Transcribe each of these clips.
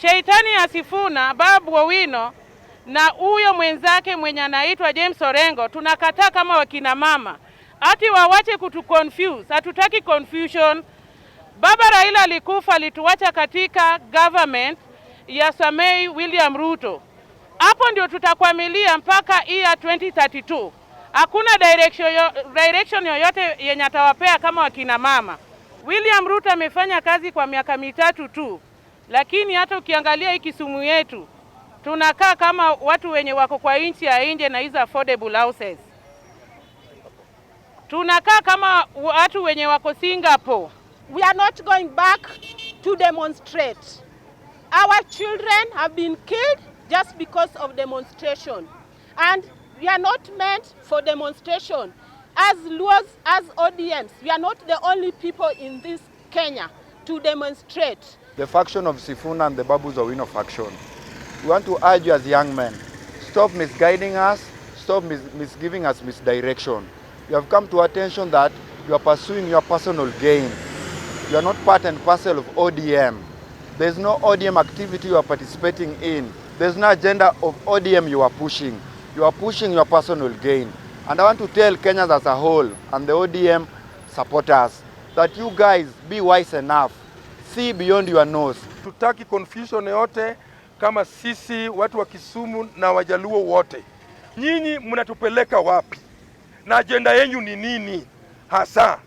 Sheitani asifuna Babu Owino na huyo mwenzake mwenye anaitwa James Orengo, tunakataa kama wakina mama ati wawache kutu confuse. Hatutaki confusion. Baba Raila alikufa, alituacha katika government ya Samei William Ruto. Hapo ndio tutakwamilia mpaka year 2032. Hakuna direction, yo, direction yoyote yenye atawapea kama wakina mama. William Ruto amefanya kazi kwa miaka mitatu tu. Lakini hata ukiangalia hii Kisumu yetu tunakaa kama watu wenye wako kwa nchi ya nje na hizo affordable houses, tunakaa kama watu wenye wako Singapore. We are not going back to demonstrate. Our children have been killed just because of demonstration and we are not meant for demonstration. As Luos, as audience, we are not the only people in this Kenya. to demonstrate. The faction of Sifuna and the Babu Owino faction. We want to urge you as young men, stop misguiding us, stop mis misgiving us misdirection. You have come to attention that you are pursuing your personal gain. You are not part and parcel of ODM. There's no ODM activity you are participating in. There's no agenda of ODM you are pushing. You are pushing your personal gain. And I want to tell Kenyans as a whole and the ODM supporters that you guys be wise enough see beyond your nose. Tutaki confusion yote kama sisi watu wa Kisumu na Wajaluo wote. Nyinyi mnatupeleka wapi? Na ajenda yenu ni nini hasa?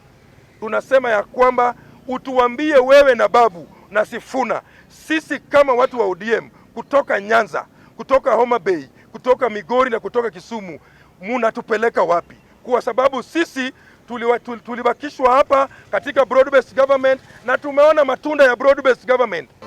Tunasema ya kwamba utuambie wewe na Babu na Sifuna, sisi kama watu wa ODM kutoka Nyanza, kutoka Homa Bay, kutoka Migori na kutoka Kisumu, munatupeleka wapi? Kwa sababu sisi tulibakishwa hapa katika broad based government na tumeona matunda ya broad based government.